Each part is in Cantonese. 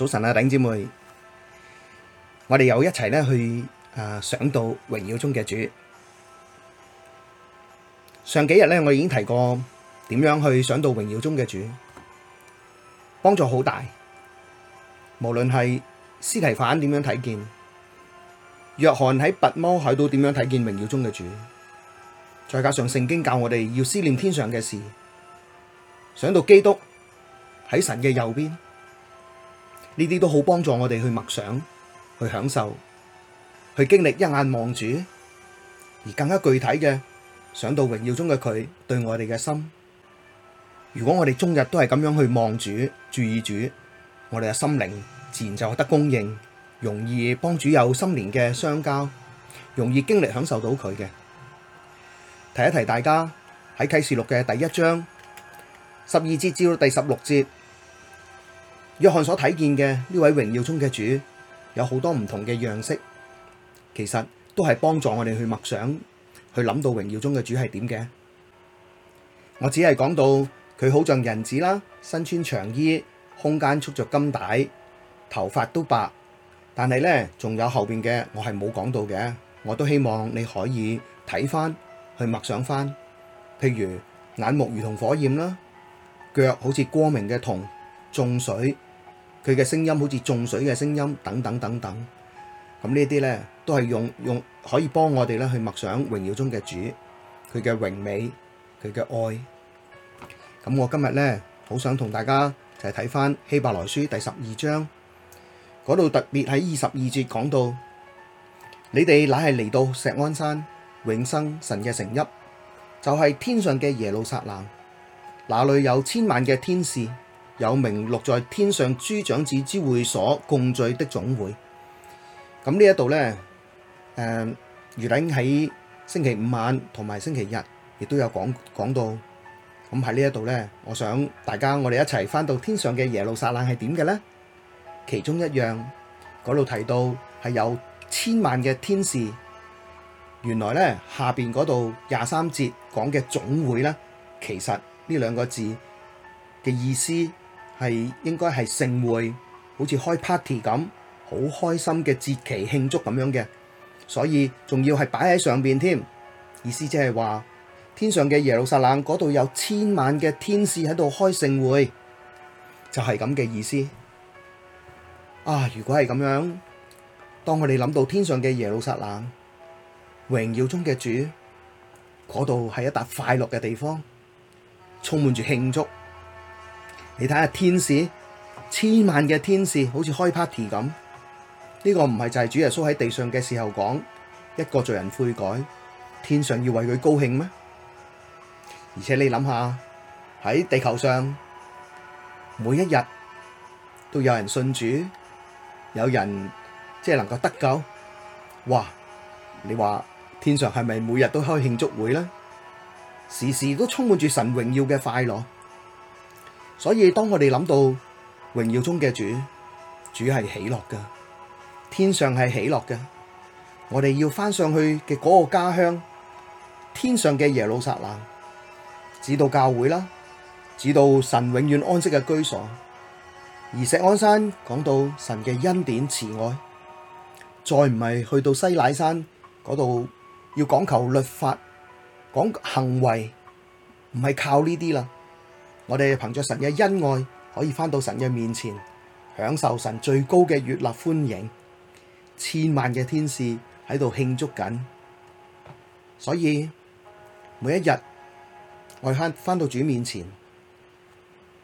早晨啊，頂姐妹，我哋又一齊咧去啊，想到榮耀中嘅主。上幾日咧，我已經提過點樣去想到榮耀中嘅主，幫助好大。無論係司提反點樣睇見，約翰喺拔摩海島點樣睇見榮耀中嘅主，再加上聖經教我哋要思念天上嘅事，想到基督喺神嘅右邊。呢啲都好幫助我哋去默想、去享受、去經歷，一眼望住而更加具體嘅，想到榮耀中嘅佢對我哋嘅心。如果我哋終日都係咁樣去望主、注意主，我哋嘅心靈自然就得供應，容易幫主有心連嘅相交，容易經歷享受到佢嘅。提一提大家喺啟示錄嘅第一章十二節至到第十六節。約翰所睇見嘅呢位榮耀中嘅主，有好多唔同嘅樣式，其實都係幫助我哋去默想，去諗到榮耀中嘅主係點嘅。我只係講到佢好像人子啦，身穿長衣，胸間束着金帶，頭髮都白。但係呢，仲有後邊嘅我係冇講到嘅，我都希望你可以睇翻去默想翻，譬如眼目如同火焰啦，腳好似光明嘅銅，眾水。佢嘅聲音好似眾水嘅聲音，等等等等。咁呢啲呢，都係用用可以幫我哋咧去默想榮耀中嘅主，佢嘅榮美，佢嘅愛。咁我今日呢，好想同大家就係睇翻希伯來書第十二章，嗰度特別喺二十二節講到，你哋乃係嚟到錫安山永生神嘅城邑，就係、是、天上嘅耶路撒冷，那裏有千萬嘅天使，有名錄在天上諸長子之會所共聚的總會，咁呢一度呢，誒、呃，余麟喺星期五晚同埋星期日亦都有講講到，咁喺呢一度呢，我想大家我哋一齊翻，到天上嘅耶路撒冷係點嘅呢？其中一樣嗰度提到係有千萬嘅天使，原來呢下邊嗰度廿三節講嘅總會呢，其實呢兩個字嘅意思。係應該係盛會，好似開 party 咁，好開心嘅節期慶祝咁樣嘅，所以仲要係擺喺上邊添。意思即係話天上嘅耶路撒冷嗰度有千萬嘅天使喺度開盛會，就係咁嘅意思。啊，如果係咁樣，當我哋諗到天上嘅耶路撒冷，榮耀中嘅主，嗰度係一笪快樂嘅地方，充滿住慶祝。你睇下天使，千萬嘅天使，好似開 party 咁，呢個唔係就係主耶穌喺地上嘅時候講，一個罪人悔改，天上要為佢高興咩？而且你諗下喺地球上每一日都有人信主，有人即係能夠得救，哇！你話天上係咪每日都開慶祝會咧？時時都充滿住神榮耀嘅快樂。所以，當我哋諗到榮耀中嘅主，主係喜樂噶，天上係喜樂噶，我哋要翻上去嘅嗰個家鄉，天上嘅耶路撒冷，指導教會啦，指導神永遠安息嘅居所。而錫安山講到神嘅恩典慈愛，再唔係去到西乃山嗰度要講求律法，講行為，唔係靠呢啲啦。我哋憑着神嘅恩愛，可以翻到神嘅面前，享受神最高嘅悅納歡迎，千萬嘅天使喺度慶祝緊。所以每一日我翻翻到主面前，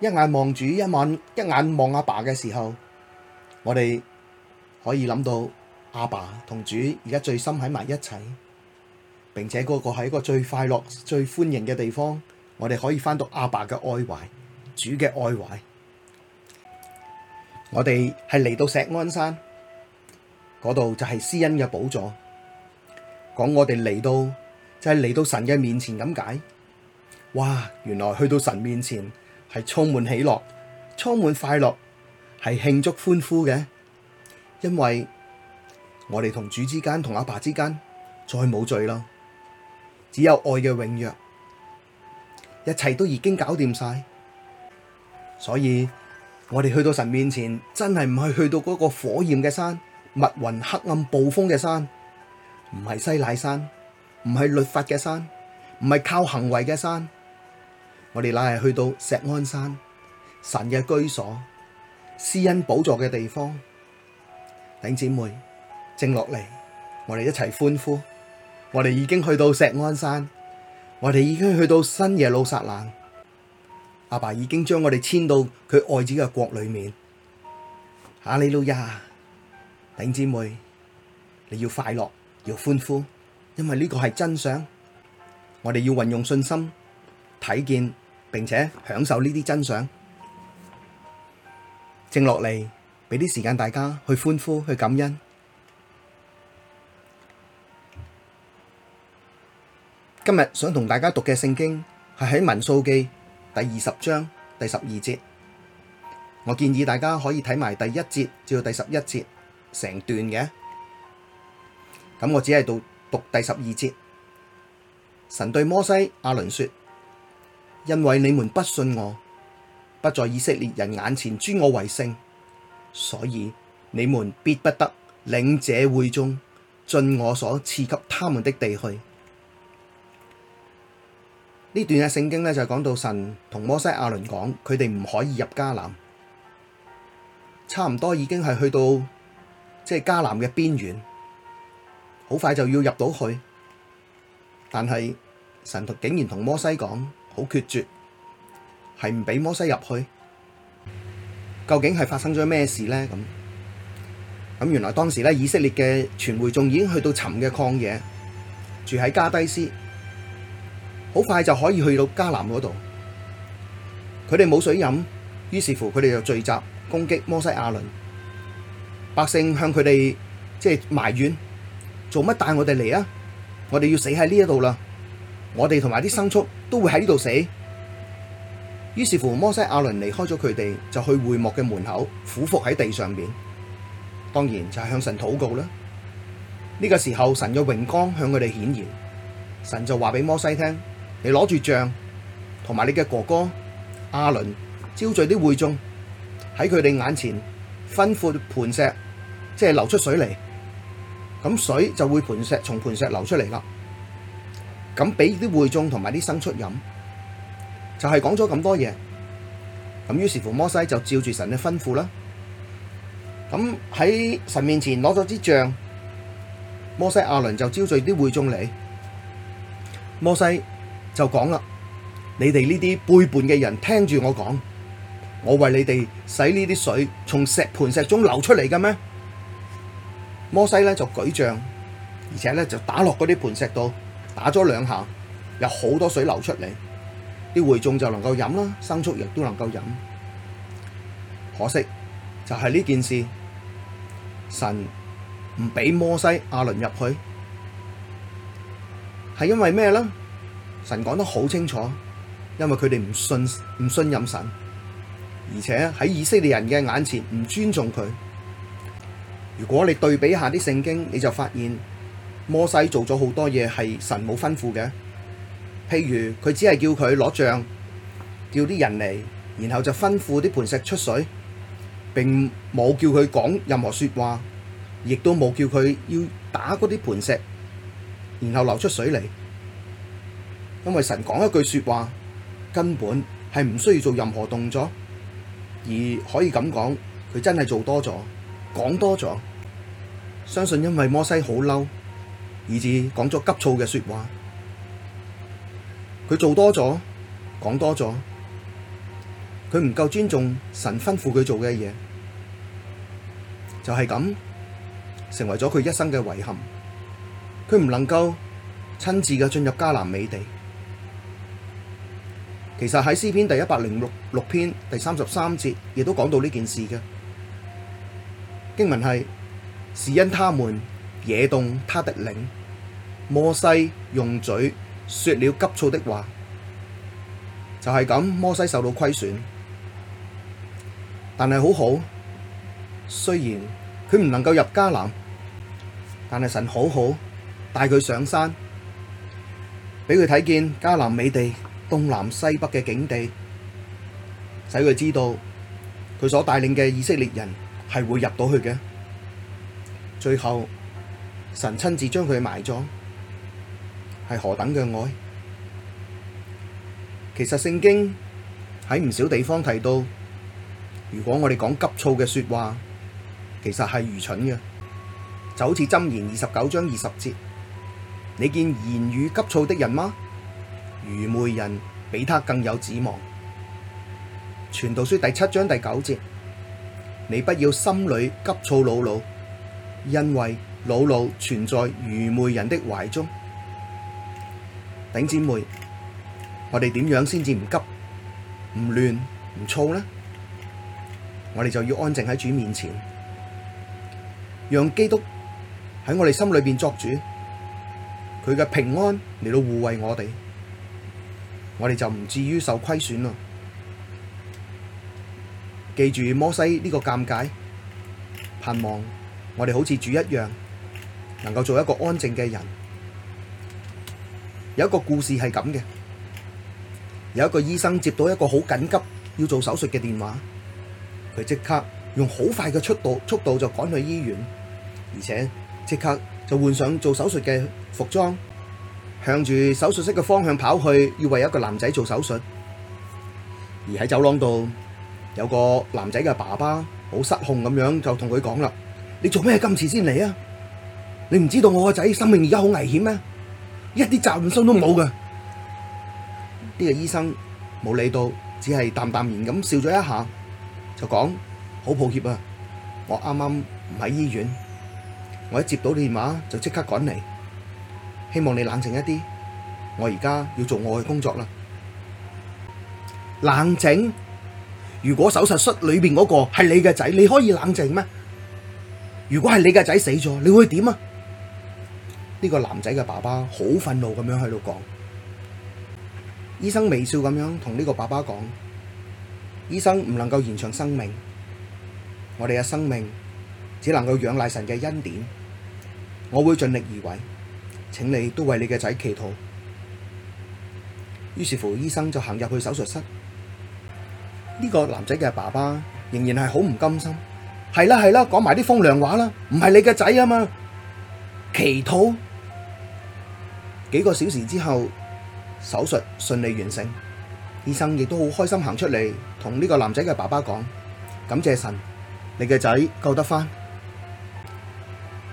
一眼望主，一晚一眼望阿爸嘅時候，我哋可以諗到阿爸同主而家最深喺埋一齊，並且個係一個最快樂、最歡迎嘅地方。我哋可以翻到阿爸嘅愛懷，主嘅愛懷。我哋係嚟到錫安山嗰度，就係施恩嘅寶座。講我哋嚟到，就係、是、嚟到神嘅面前咁解。哇！原來去到神面前係充滿喜樂，充滿快樂，係慶祝歡呼嘅。因為我哋同主之間，同阿爸，爸之間，再冇罪啦，只有愛嘅永約。一切都已經搞掂晒，所以我哋去到神面前，真係唔係去到嗰個火焰嘅山，密雲黑暗暴風嘅山，唔係西奈山，唔係律法嘅山，唔係靠行為嘅山，我哋乃係去到錫安山，神嘅居所，施恩寶座嘅地方。頂姊妹，靜落嚟，我哋一齊歡呼，我哋已經去到錫安山。我哋已經去到新耶路撒冷，阿爸已經將我哋遷到佢愛子嘅國裏面。哈利路亞，弟姊妹，你要快樂，要歡呼，因為呢個係真相。我哋要運用信心睇見，並且享受呢啲真相。靜落嚟，畀啲時間大家去歡呼，去感恩。今日想同大家讀嘅聖經係喺民數記第二十章第十二節，我建議大家可以睇埋第一節至到第十一節成段嘅，咁我只係讀讀第十二節。神對摩西、亞倫說：因為你們不信我，不在以色列人眼前尊我為聖，所以你們必不得領這會眾進我所賜給他們的地去。呢段嘅聖經就講到神同摩西亞倫講，佢哋唔可以入迦南，差唔多已經係去到即係迦南嘅邊緣，好快就要入到去，但係神竟然同摩西講好決絕，係唔畀摩西入去。究竟係發生咗咩事呢？咁咁原來當時咧以色列嘅全會眾已經去到尋嘅曠野，住喺迦低斯。好快就可以去到迦南嗰度，佢哋冇水飲，於是乎佢哋就聚集攻擊摩西亞倫。百姓向佢哋即係埋怨，做乜帶我哋嚟啊？我哋要死喺呢一度啦！我哋同埋啲牲畜都會喺呢度死。於是乎，摩西亞倫離開咗佢哋，就去會幕嘅門口俯伏喺地上面，當然就係向神禱告啦。呢個時候，神嘅榮光向佢哋顯現，神就話俾摩西聽。你攞住杖，同埋你嘅哥哥阿倫招聚啲會眾，喺佢哋眼前吩咐盤石，即係流出水嚟，咁水就會盤石從盤石流出嚟啦。咁俾啲會眾同埋啲牲畜飲，就係講咗咁多嘢。咁於是乎摩西就照住神嘅吩咐啦。咁喺神面前攞咗支杖，摩西阿倫就招聚啲會眾嚟，摩西。就講啦，你哋呢啲背叛嘅人，聽住我講，我為你哋使呢啲水從石、盤石中流出嚟嘅咩？摩西呢就舉杖，而且呢就打落嗰啲盤石度，打咗兩下，有好多水流出嚟，啲會眾就能夠飲啦，牲畜亦都能夠飲。可惜就係呢件事，神唔俾摩西亞倫入去，係因為咩呢？神講得好清楚，因為佢哋唔信，唔信任神，而且喺以色列人嘅眼前唔尊重佢。如果你對比下啲聖經，你就發現摩西做咗好多嘢係神冇吩咐嘅，譬如佢只係叫佢攞杖，叫啲人嚟，然後就吩咐啲磐石出水，並冇叫佢講任何説話，亦都冇叫佢要打嗰啲磐石，然後流出水嚟。因為神講一句說話，根本係唔需要做任何動作，而可以咁講，佢真係做多咗，講多咗。相信因為摩西好嬲，以至講咗急躁嘅說話，佢做多咗，講多咗，佢唔夠尊重神吩咐佢做嘅嘢，就係咁，成為咗佢一生嘅遺憾。佢唔能夠親自嘅進入迦南美地。其實喺詩篇第一百零六六篇第三十三節，亦都講到呢件事嘅經文係：是因他們惹動他的靈，摩西用嘴說了急躁的話。就係、是、咁，摩西受到虧損，但係好好，雖然佢唔能夠入迦南，但係神好好帶佢上山，畀佢睇見迦南美地。東南西北嘅境地，使佢知道佢所帶領嘅以色列人係會入到去嘅。最後，神親自將佢埋葬，係何等嘅愛！其實聖經喺唔少地方提到，如果我哋講急躁嘅說話，其實係愚蠢嘅，就好似《箴言》二十九章二十節，你見言語急躁的人嗎？愚昧人比他更有指望。傳道書第七章第九節，你不要心裏急躁惱怒，因為惱怒存在愚昧人的懷中。頂姊妹，我哋點樣先至唔急、唔亂、唔躁呢？我哋就要安靜喺主面前，讓基督喺我哋心裏邊作主，佢嘅平安嚟到護衛我哋。我哋就唔至於受虧損咯。記住摩西呢個尷尬，盼望我哋好似主一樣，能夠做一個安靜嘅人。有一個故事係咁嘅，有一個醫生接到一個好緊急要做手術嘅電話，佢即刻用好快嘅速度速度就趕去醫院，而且即刻就換上做手術嘅服裝，向住手術室嘅方向跑去，要為一個男仔做手術。而喺走廊度，有個男仔嘅爸爸好失控咁樣，就同佢講啦：你做咩今次先嚟啊？你唔知道我個仔生命而家好危險咩？一啲責任心都冇㗎。呢個 醫生冇理到，只係淡淡然咁笑咗一下，就講：好抱歉啊，我啱啱唔喺醫院，我一接到電話就即刻趕嚟。希望你冷靜一啲。我而家要做我嘅工作啦。冷靜？如果手術室裏邊嗰個係你嘅仔，你可以冷靜咩？如果係你嘅仔死咗，你會點啊？呢個男仔嘅爸爸好憤怒咁樣喺度講，醫生微笑咁樣同呢個爸爸講：「醫生唔能夠延長生命，我哋嘅生命只能夠仰賴神嘅恩典。我會盡力而為。請你都為你嘅仔祈禱。於是乎，醫生就行入去手術室。呢個男仔嘅爸爸仍然係好唔甘心。係啦係啦，講埋啲風涼話啦，唔係你嘅仔啊嘛，祈禱。 幾個小時之後，手術順利完成，醫生亦都好開心行出嚟，同呢個男仔嘅爸爸講：感謝神，你嘅仔救得翻。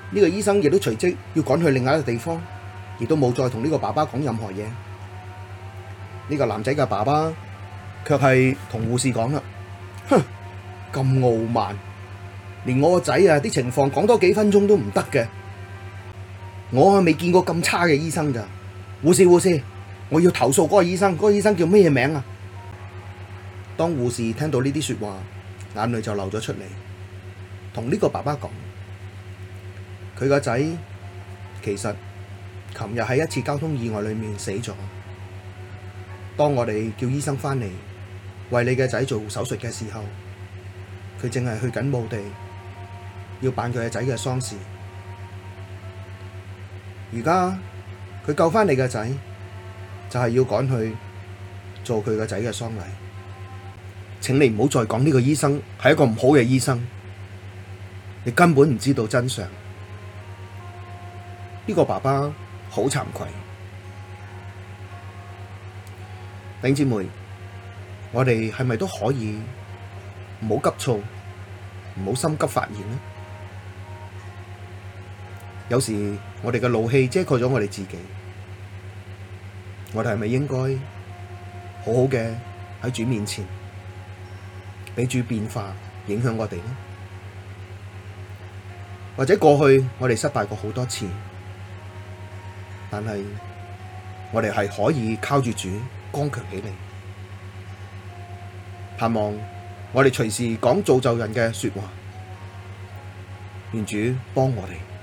呢個醫生亦都隨即要趕去另外一個地方，亦都冇再同呢個爸爸講任何嘢。呢、這個男仔嘅爸爸卻係同護士講啦，哼，咁傲慢，連我個仔啊，啲情況講多幾分鐘都唔得嘅。我係未見過咁差嘅醫生㗎。護士護士，我要投訴嗰個醫生，嗰、那個醫生叫咩名啊？當護士聽到呢啲說話，眼淚就流咗出嚟，同呢個爸爸講。佢個仔其實琴日喺一次交通意外裏面死咗。當我哋叫醫生返嚟為你嘅仔做手術嘅時候，佢正係去緊墓地要辦佢嘅仔嘅喪事。而家佢救返你嘅仔，就係要趕去做佢嘅仔嘅喪禮。請你唔好再講呢個醫生係一個唔好嘅醫生，你根本唔知道真相。呢個爸爸好慚愧，弟兄姊妹，我哋係咪都可以唔好急躁，唔好心急發言呢？有時我哋嘅怒氣遮蓋咗我哋自己，我哋係咪應該好好嘅喺主面前俾主變化影響我哋呢？或者過去我哋失敗過好多次？但係，我哋係可以靠住主，剛強起嚟。盼望我哋隨時講造就人嘅說話，願主幫我哋。